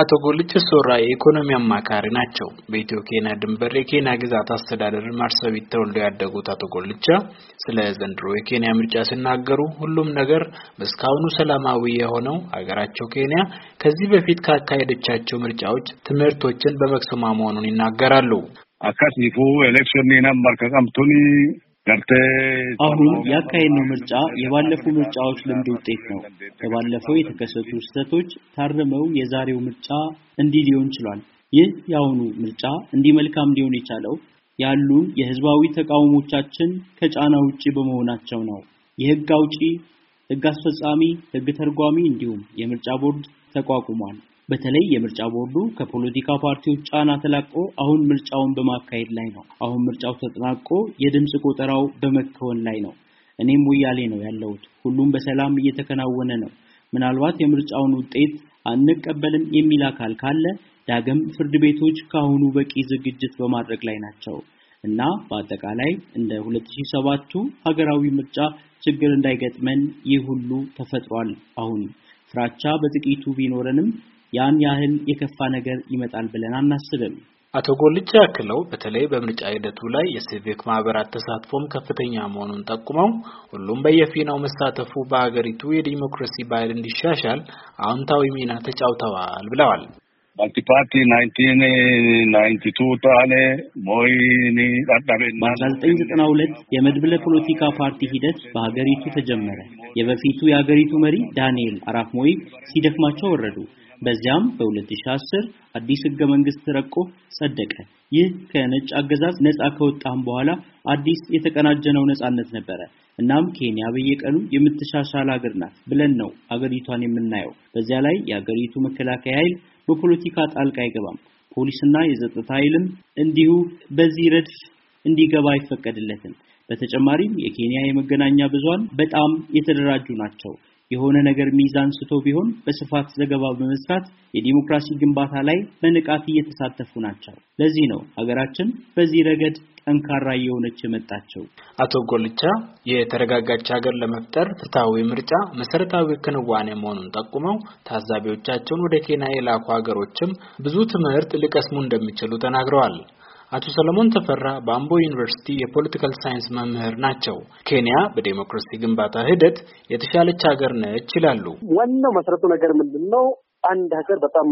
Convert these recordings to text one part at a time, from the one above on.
አቶ ጎልቼ ሶራ የኢኮኖሚ አማካሪ ናቸው። በኢትዮ ኬንያ ድንበር የኬንያ ግዛት አስተዳደር ማርሰቢት ተወልደው ያደጉት አቶ ጎልቻ ስለ ዘንድሮ የኬንያ ምርጫ ሲናገሩ ሁሉም ነገር በእስካሁኑ ሰላማዊ የሆነው ሀገራቸው ኬንያ ከዚህ በፊት ካካሄደቻቸው ምርጫዎች ትምህርቶችን በመቅሰሟ መሆኑን ይናገራሉ። አካስ ኤሌክሽን ኔና ማርከቃምቱኒ አሁን ያካሄድነው ምርጫ የባለፉ ምርጫዎች ልምድ ውጤት ነው። ከባለፈው የተከሰቱ ስህተቶች ታርመው የዛሬው ምርጫ እንዲህ ሊሆን ችሏል። ይህ የአሁኑ ምርጫ እንዲህ መልካም ሊሆን የቻለው ያሉን የህዝባዊ ተቃውሞቻችን ከጫና ውጪ በመሆናቸው ነው። የህግ አውጪ፣ ህግ አስፈጻሚ፣ ህግ ተርጓሚ እንዲሁም የምርጫ ቦርድ ተቋቁሟል። በተለይ የምርጫ ቦርዱ ከፖለቲካ ፓርቲዎች ጫና ተላቆ አሁን ምርጫውን በማካሄድ ላይ ነው። አሁን ምርጫው ተጠናቆ የድምፅ ቆጠራው በመከወን ላይ ነው። እኔም ሞያሌ ነው ያለሁት። ሁሉም በሰላም እየተከናወነ ነው። ምናልባት የምርጫውን ውጤት አንቀበልም የሚል አካል ካለ ዳግም ፍርድ ቤቶች ከአሁኑ በቂ ዝግጅት በማድረግ ላይ ናቸው እና በአጠቃላይ እንደ 2007ቱ ሀገራዊ ምርጫ ችግር እንዳይገጥመን ይህ ሁሉ ተፈጥሯል አሁን ፍራቻ በጥቂቱ ቢኖረንም ያን ያህል የከፋ ነገር ይመጣል ብለን አናስብም። አቶ ጎልቻ ያክለው በተለይ በምርጫ ሂደቱ ላይ የሲቪክ ማህበራት ተሳትፎም ከፍተኛ መሆኑን ጠቁመው ሁሉም በየፊናው መሳተፉ በሀገሪቱ የዲሞክራሲ ባህል እንዲሻሻል አዎንታዊ ሚና ተጫውተዋል ብለዋል። ማልቲፓርቲ ናይንቲን ናይንቲ ቱ ጣለ ሞይ ዳዳቤ ዘጠና ሁለት የመድብለ ፖለቲካ ፓርቲ ሂደት በሀገሪቱ ተጀመረ። የበፊቱ የሀገሪቱ መሪ ዳንኤል አራፍ ሞይ ሲደክማቸው ወረዱ። በዚያም በ2010 አዲስ ህገ መንግስት ረቆ ጸደቀ። ይህ ከነጭ አገዛዝ ነጻ ከወጣም በኋላ አዲስ የተቀናጀነው ነጻነት ነበረ። እናም ኬንያ በየቀኑ የምትሻሻል ሀገር ናት ብለን ነው አገሪቷን የምናየው። በዚያ ላይ የአገሪቱ መከላከያ ኃይል በፖለቲካ ጣልቃ አይገባም። ፖሊስና የጸጥታ ኃይልም እንዲሁ በዚህ ረድፍ እንዲገባ አይፈቀድለትም። በተጨማሪም የኬንያ የመገናኛ ብዙሃን በጣም የተደራጁ ናቸው። የሆነ ነገር ሚዛን ስቶ ቢሆን በስፋት ዘገባ በመስራት የዲሞክራሲ ግንባታ ላይ በንቃት እየተሳተፉ ናቸው። ለዚህ ነው ሀገራችን በዚህ ረገድ ጠንካራ እየሆነች የመጣቸው። አቶ ጎልቻ የተረጋጋች ሀገር ለመፍጠር ፍትሐዊ ምርጫ መሰረታዊ ክንዋኔ መሆኑን ጠቁመው ታዛቢዎቻቸውን ወደ ኬንያ የላኩ ሀገሮችም ብዙ ትምህርት ሊቀስሙ እንደሚችሉ ተናግረዋል። አቶ ሰለሞን ተፈራ በአምቦ ዩኒቨርሲቲ የፖለቲካል ሳይንስ መምህር ናቸው። ኬንያ በዴሞክራሲ ግንባታ ሂደት የተሻለች ሀገር ነች ይላሉ። ዋናው መሰረቱ ነገር ምንድን ነው? አንድ ሀገር በጣም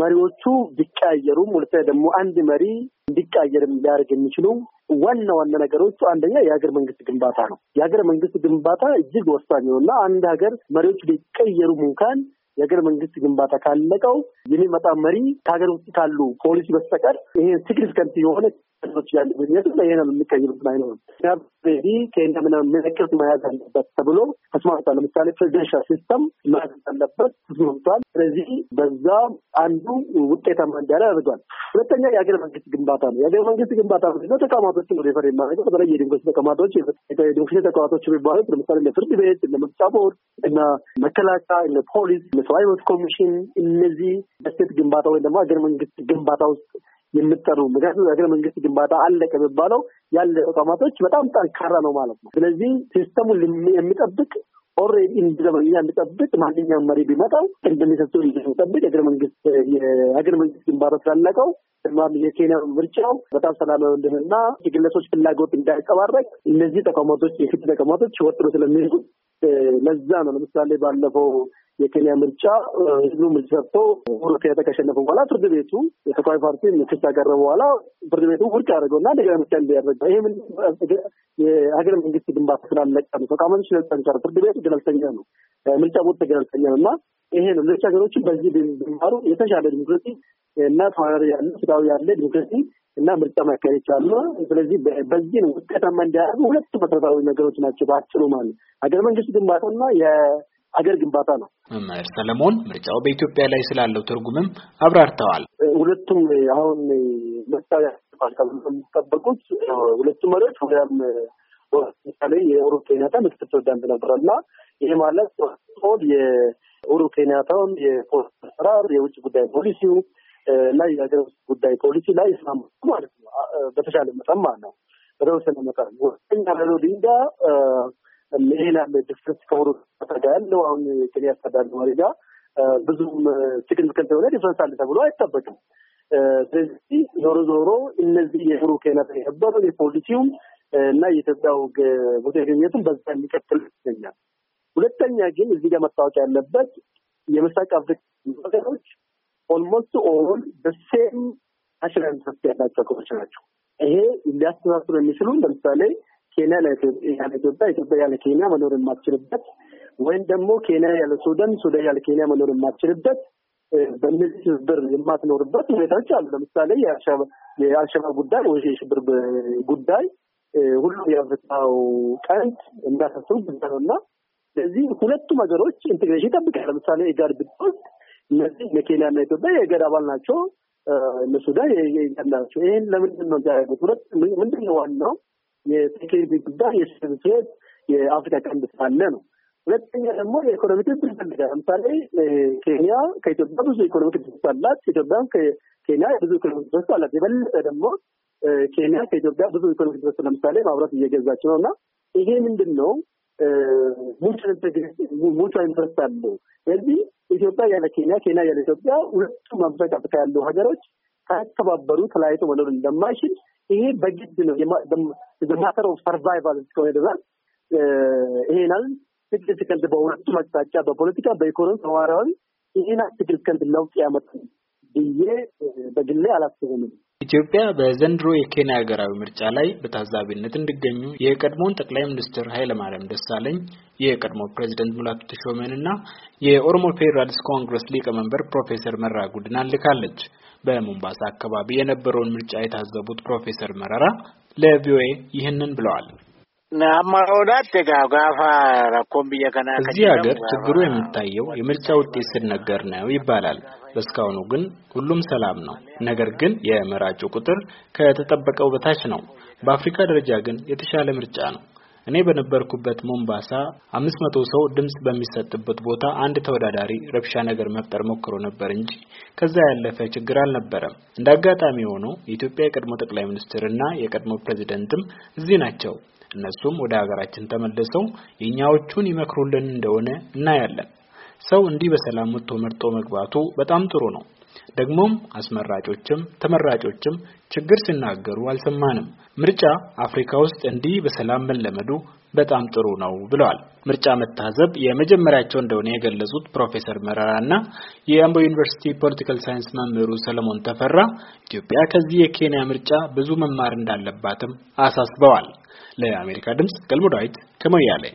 መሪዎቹ ቢቀያየሩም፣ ሁለተኛ ደግሞ አንድ መሪ እንዲቀያየርም ሊያደርግ የሚችሉ ዋና ዋና ነገሮቹ አንደኛ የሀገር መንግስት ግንባታ ነው። የሀገር መንግስት ግንባታ እጅግ ወሳኝ ነው እና አንድ ሀገር መሪዎች ሊቀየሩም እንኳን የሀገር መንግስት ግንባታ ካለቀው የሚመጣ መሪ ከሀገር ውስጥ ካሉ ፖሊሲ በስተቀር ይሄ ሲግኒፊካንት የሆነ ህዝቦች ያሉ ግንኙነት ይሄ ነው የምንቀይሩት አይኖርም። ቤቢ ከእንደምና ምልክት መያዝ አለበት ተብሎ ተስማምቷል። ለምሳሌ ፕሬዚደንሻል ሲስተም መያዝ አለበት ተስማምቷል። ስለዚህ በዛ አንዱ ውጤታማ እንዲያለ ያደርጓል። ሁለተኛ የሀገር መንግስት ግንባታ ነው። የሀገር መንግስት ግንባታ ነው ተቋማቶችን ወደ ፈር የማደርገው በተለይ የዲሞክራሲ ተቋማቶች የዲሞክራሲ ተቋማቶች የሚባሉት ለምሳሌ እንደ ፍርድ ቤት፣ እንደ ምርጫ ቦርድ፣ እና መከላከያ፣ እነ ፖሊስ፣ እንደ ሰብአዊ መብት ኮሚሽን እነዚህ በስቴት ግንባታ ወይም ደግሞ ሀገር መንግስት ግንባታ ውስጥ የምጠሩ። ምክንያቱም ሀገረ መንግስት ግንባታ አለቀ የሚባለው ያለ ተቋማቶች በጣም ጠንካራ ነው ማለት ነው። ስለዚህ ሲስተሙን የሚጠብቅ ኦልሬዲ እንደዘመኛ የሚጠብቅ ማንኛውም መሪ ቢመጣው እንደሚሰጡ የሚጠብቅ ሀገረ መንግስት የሀገረ መንግስት ግንባታ ስላለቀው የኬንያ ምርጫው በጣም ሰላማዊ እንድንና የግለሰቦች ፍላጎት እንዳይንጸባረቅ እነዚህ ተቋማቶች የፊት ተቋማቶች ወጥሮ ስለሚሄዱ ለዛ ነው። ለምሳሌ ባለፈው የኬንያ ምርጫ ህዝቡ ምርጫ ሰጥቶ ኡሁሩ ኬንያታ ከሸነፈ በኋላ ፍርድ ቤቱ የተቃዋሚ ፓርቲ ክስ ካቀረበ በኋላ ፍርድ ቤቱ ውድቅ ያደርገው እና እንደገና ምርጫ እንዲያደረግ ይህ ምን የሀገር መንግስት ግንባታ ስላለቀ ነው። ተቋማቶች ስለጠንከረ ፍርድ ቤቱ ገለልተኛ ነው። ምርጫ ቦርድ ገለልተኛ ነው እና ይሄ ነው። ሌሎች ሀገሮች በዚህ ብንማሩ የተሻለ ዲሞክራሲ እና ተዋዳሪ ያለ ፍትሃዊ ያለ ዲሞክራሲ እና ምርጫ ማካሄድ ይችላሉ። ስለዚህ በዚህ ነው ውጤታማ እንዲያደርጉ ሁለቱ መሰረታዊ ነገሮች ናቸው በአጭሩ ማለት ነው። ሀገር መንግስት ግንባታና የሀገር ግንባታ ነው። መምህር ሰለሞን ምርጫው በኢትዮጵያ ላይ ስላለው ትርጉምም አብራርተዋል። ሁለቱም አሁን ምርጫው ያስባል የሚጠበቁት ሁለቱም መሪዎች ሁያም ምሳሌ የኦሮፕ ኬንያታ ምክትል ፕሬዚዳንት ነበረና ይሄ ማለት ሆድ ኡሩ ኬንያታውን የፖስት አሰራር የውጭ ጉዳይ ፖሊሲው እና የሀገር ውስጥ ጉዳይ ፖሊሲ ላይ ይስማሙ ማለት ነው። በተሻለ መጠን ማለት ነው። በተወሰነ መጠን ወኛ ለሎ ዲንጋ ይሄናል ድፍረት ከኡሩ ጋር ያለው አሁን የኬንያ አስተዳዳሪ ጋር ብዙም ሲግኒፊካንት የሆነ ዲፍረንስ አለ ተብሎ አይጠበቅም። ስለዚህ ዞሮ ዞሮ እነዚህ የኡሩ ኬንያታ የነበረው የፖሊሲውም እና የኢትዮጵያው ቦታ ግንኙነትም በዛ የሚቀጥል ይገኛል። ሁለተኛ ግን እዚህ ጋር መታወቅ ያለበት የምስራቅ አፍሪካ ሀገሮች ኦልሞስት ኦል በሴም ናሽናል ኢንትረስት ያላቸው ሀገሮች ናቸው። ይሄ ሊያስተሳስሩ የሚችሉ ለምሳሌ ኬንያ ያለ ኢትዮጵያ፣ ኢትዮጵያ ያለ ኬንያ መኖር የማትችልበት ወይም ደግሞ ኬንያ ያለ ሱዳን፣ ሱዳን ያለ ኬንያ መኖር የማትችልበት በእነዚህ ትብብር የማትኖርበት ሁኔታዎች አሉ። ለምሳሌ የአልሸባብ ጉዳይ ወይ የሽብር ጉዳይ ሁሉም የአፍሪካው ቀንድ የሚያሳስሩ ጉዳይ ነው እና ስለዚህ ሁለቱም ሀገሮች ኢንቴግሬሽን ይጠብቃል። ለምሳሌ ኢጋድ ብትወስድ እነዚህ የኬንያ እና ኢትዮጵያ የኢጋድ አባል ናቸው። እነ ሱዳን የኢጋድ ናቸው። ይህን ለምንድን ነው ያደረጉት? ሁለት ምንድን ነው ዋናው የሴኪሪቲ ጉዳይ የስብስት የአፍሪካ ቀንድ ስላለ ነው። ሁለተኛ ደግሞ የኢኮኖሚ ትብብር ይፈልጋል። ለምሳሌ ኬንያ ከኢትዮጵያ ብዙ ኢኮኖሚ ትብብር አላት። ኢትዮጵያም ከኬንያ ብዙ ኢኮኖሚ ትብብር አላት። የበለጠ ደግሞ ኬንያ ከኢትዮጵያ ብዙ ኢኮኖሚ ትብብር ለምሳሌ ማብራት እየገዛች ነው እና ይሄ ምንድን ነው ሙቹ ኢንትረስት አለው። ስለዚህ ኢትዮጵያ ያለ ኬንያ፣ ኬንያ ያለ ኢትዮጵያ ሁለቱ አፍሪካ አፍሪካ ያሉ ሀገሮች ከተከባበሩ ተለያይቶ መኖር እንደማይችል ይሄ በግድ ነው ማተር ኦፍ ሰርቫይቫል እስከሆነ ድረስ ይሄናል ትግል ትግል በሁለቱም አቅጣጫ በፖለቲካ በኢኮኖሚ ተዋራዊ ይሄና ትግል ትግል ለውጥ ያመጣል ብዬ በግሌ አላስብም። ኢትዮጵያ በዘንድሮ የኬንያ ሀገራዊ ምርጫ ላይ በታዛቢነት እንዲገኙ የቀድሞውን ጠቅላይ ሚኒስትር ኃይለማርያም ደሳለኝ፣ የቀድሞ ፕሬዚደንት ሙላቱ ተሾመን እና የኦሮሞ ፌዴራልስ ኮንግረስ ሊቀመንበር ፕሮፌሰር መረራ ጉድን ልካለች። በሞምባሳ አካባቢ የነበረውን ምርጫ የታዘቡት ፕሮፌሰር መረራ ለቪኦኤ ይህንን ብለዋል። እዚህ ሀገር ችግሩ የሚታየው የምርጫ ውጤት ሲነገር ነው ይባላል። እስካሁኑ ግን ሁሉም ሰላም ነው። ነገር ግን የመራጩ ቁጥር ከተጠበቀው በታች ነው። በአፍሪካ ደረጃ ግን የተሻለ ምርጫ ነው። እኔ በነበርኩበት ሞምባሳ 500 ሰው ድምጽ በሚሰጥበት ቦታ አንድ ተወዳዳሪ ረብሻ ነገር መፍጠር ሞክሮ ነበር እንጂ ከዛ ያለፈ ችግር አልነበረም። እንደ አጋጣሚ ሆኖ የኢትዮጵያ የቀድሞ ጠቅላይ ሚኒስትር እና የቀድሞ ፕሬዚደንትም እዚህ ናቸው። እነሱም ወደ ሀገራችን ተመልሰው የእኛዎቹን ይመክሩልን እንደሆነ እናያለን። ሰው እንዲህ በሰላም ወጥቶ መርጦ መግባቱ በጣም ጥሩ ነው። ደግሞም አስመራጮችም ተመራጮችም ችግር ሲናገሩ አልሰማንም። ምርጫ አፍሪካ ውስጥ እንዲህ በሰላም መለመዱ በጣም ጥሩ ነው ብለዋል። ምርጫ መታዘብ የመጀመሪያቸው እንደሆነ የገለጹት ፕሮፌሰር መረራ እና የአምቦ ዩኒቨርሲቲ ፖለቲካል ሳይንስ መምህሩ ሰለሞን ተፈራ ኢትዮጵያ ከዚህ የኬንያ ምርጫ ብዙ መማር እንዳለባትም አሳስበዋል። ለአሜሪካ ድምጽ ገልሞ ዳዊት ከሞያሌ